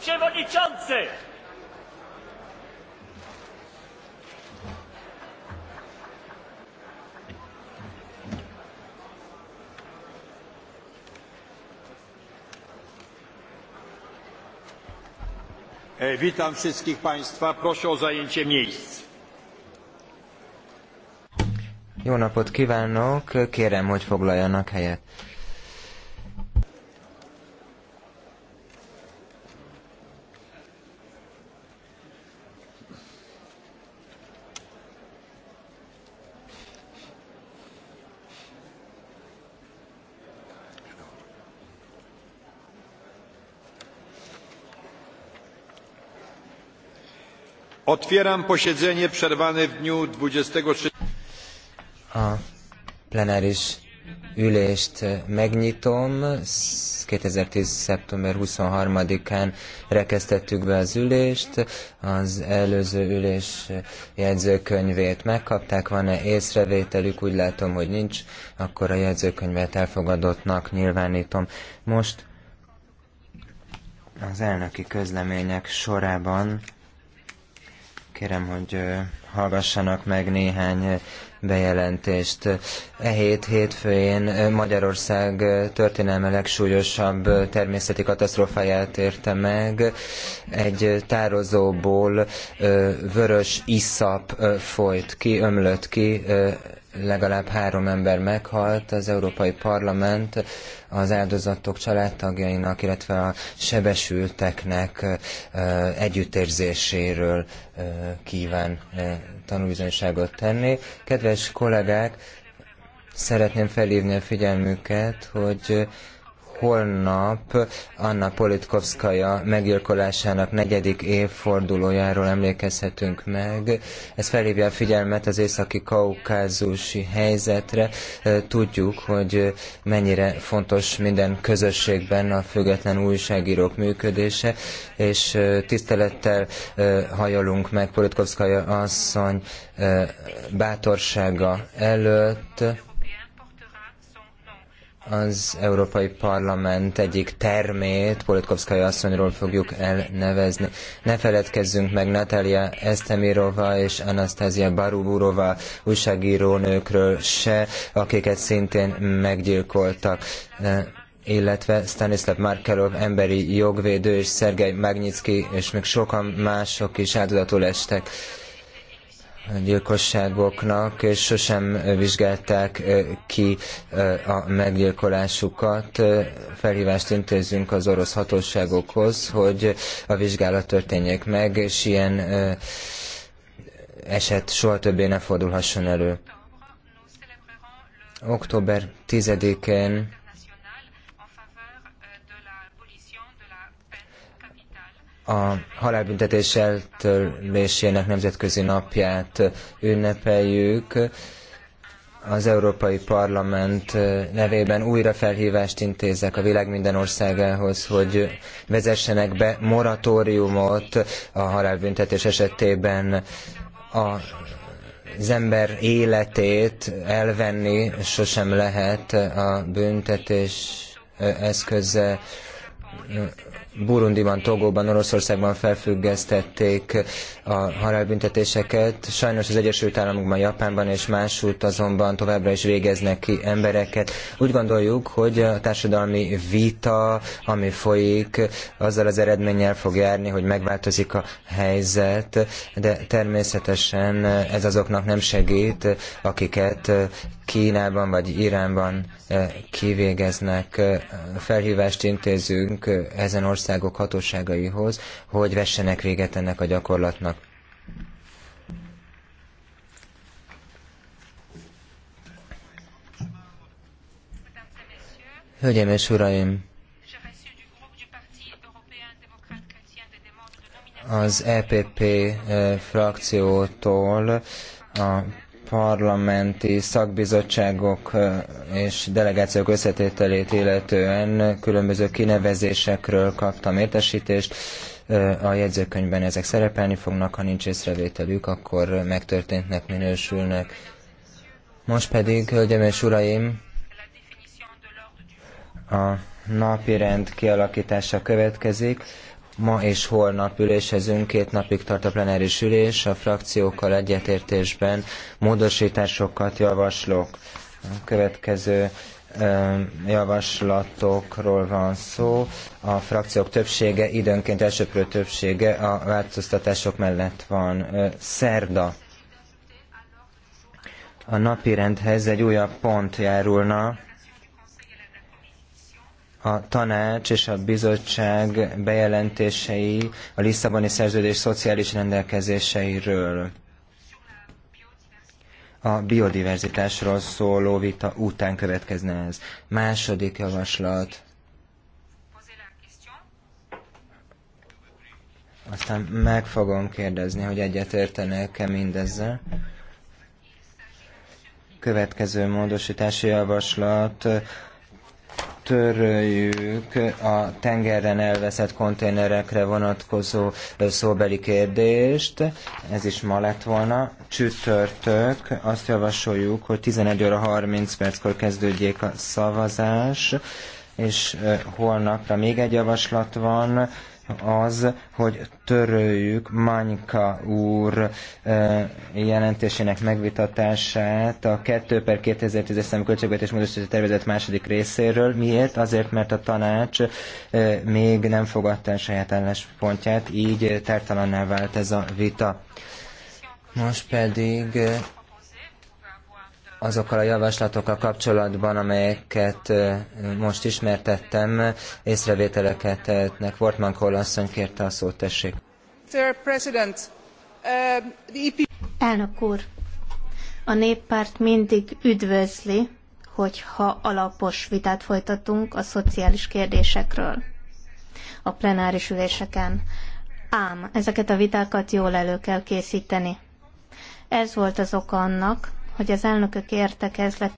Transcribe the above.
przewodniczący! E, witam wszystkich Państwa. Proszę o zajęcie miejsc. Jó napot kívánok, kérem, hogy foglaljanak helyet. Otwieram posiedzenie przerwane w dniu 23... A plenáris ülést megnyitom. 2010. szeptember 23-án rekesztettük be az ülést. Az előző ülés jegyzőkönyvét megkapták. Van-e észrevételük? Úgy látom, hogy nincs. Akkor a jegyzőkönyvet elfogadottnak nyilvánítom. Most az elnöki közlemények sorában Kérem, hogy hallgassanak meg néhány bejelentést. E hét hétfőjén Magyarország történelme legsúlyosabb természeti katasztrófáját érte meg. Egy tározóból vörös iszap folyt ki, ömlött ki legalább három ember meghalt, az Európai Parlament az áldozatok családtagjainak, illetve a sebesülteknek együttérzéséről kíván tanúbizonyságot tenni. Kedves kollégák, szeretném felhívni a figyelmüket, hogy holnap Anna Politkovskaja meggyilkolásának negyedik évfordulójáról emlékezhetünk meg. Ez felhívja a figyelmet az északi kaukázusi helyzetre. Tudjuk, hogy mennyire fontos minden közösségben a független újságírók működése, és tisztelettel hajolunk meg Politkovskaja asszony bátorsága előtt az Európai Parlament egyik termét Politkovszkai asszonyról fogjuk elnevezni. Ne feledkezzünk meg Natalia Esztemirova és Anasztázia Barubúrova újságírónőkről se, akiket szintén meggyilkoltak e, illetve Stanislav Markelov emberi jogvédő és Szergej Magnitsky és még sokan mások is áldozatul estek gyilkosságoknak, és sosem vizsgálták ki a meggyilkolásukat. Felhívást intézünk az orosz hatóságokhoz, hogy a vizsgálat történjék meg, és ilyen eset soha többé ne fordulhasson elő. Október 10-én a halálbüntetés eltörlésének nemzetközi napját ünnepeljük. Az Európai Parlament eh, nevében újra felhívást intézek a világ minden országához, hogy vezessenek be moratóriumot a halálbüntetés esetében a az ember életét elvenni sosem lehet a büntetés eh, eszköze Burundiban, Togóban, Oroszországban felfüggesztették a halálbüntetéseket. Sajnos az Egyesült Államokban, Japánban és másút azonban továbbra is végeznek ki embereket. Úgy gondoljuk, hogy a társadalmi vita, ami folyik, azzal az eredménnyel fog járni, hogy megváltozik a helyzet, de természetesen ez azoknak nem segít, akiket Kínában vagy Iránban eh, kivégeznek. Felhívást intézünk eh, ezen ország országok hatóságaihoz, hogy vessenek véget ennek a gyakorlatnak. Hölgyeim és Uraim! Az EPP eh, frakciótól a parlamenti szakbizottságok és delegációk összetételét illetően különböző kinevezésekről kaptam értesítést. A jegyzőkönyvben ezek szerepelni fognak, ha nincs észrevételük, akkor megtörténtnek, minősülnek. Most pedig, hölgyeim és uraim, a napi rend kialakítása következik. Ma és holnap ülésezünk, két napig tart a plenáris ülés, a frakciókkal egyetértésben módosításokat javaslok. A következő javaslatokról van szó. A frakciók többsége, időnként elsőprő többsége a változtatások mellett van. Szerda. A napirendhez egy újabb pont járulna, a tanács és a bizottság bejelentései a Lisszaboni szerződés szociális rendelkezéseiről. A biodiverzitásról szóló vita után következne ez. Második javaslat. Aztán meg fogom kérdezni, hogy egyetértenek-e mindezzel következő módosítási javaslat töröljük a tengeren elveszett konténerekre vonatkozó szóbeli kérdést. Ez is ma lett volna. Csütörtök. Azt javasoljuk, hogy 11 óra 30 perckor kezdődjék a szavazás és holnapra még egy javaslat van, az, hogy töröljük Manyka úr jelentésének megvitatását a 2 per 2010-es számú költségvetés módosító tervezet második részéről. Miért? Azért, mert a tanács még nem fogadta el saját álláspontját, így tártalanná vált ez a vita. Most pedig azokkal a javaslatokkal kapcsolatban, amelyeket most ismertettem, észrevételeket tettnek. Wortmann Kohl asszony kérte a szót, tessék. E Elnök úr, a néppárt mindig üdvözli, hogyha alapos vitát folytatunk a szociális kérdésekről a plenáris üléseken. Ám ezeket a vitákat jól elő kell készíteni. Ez volt az oka annak, hogy az elnökök értekezlet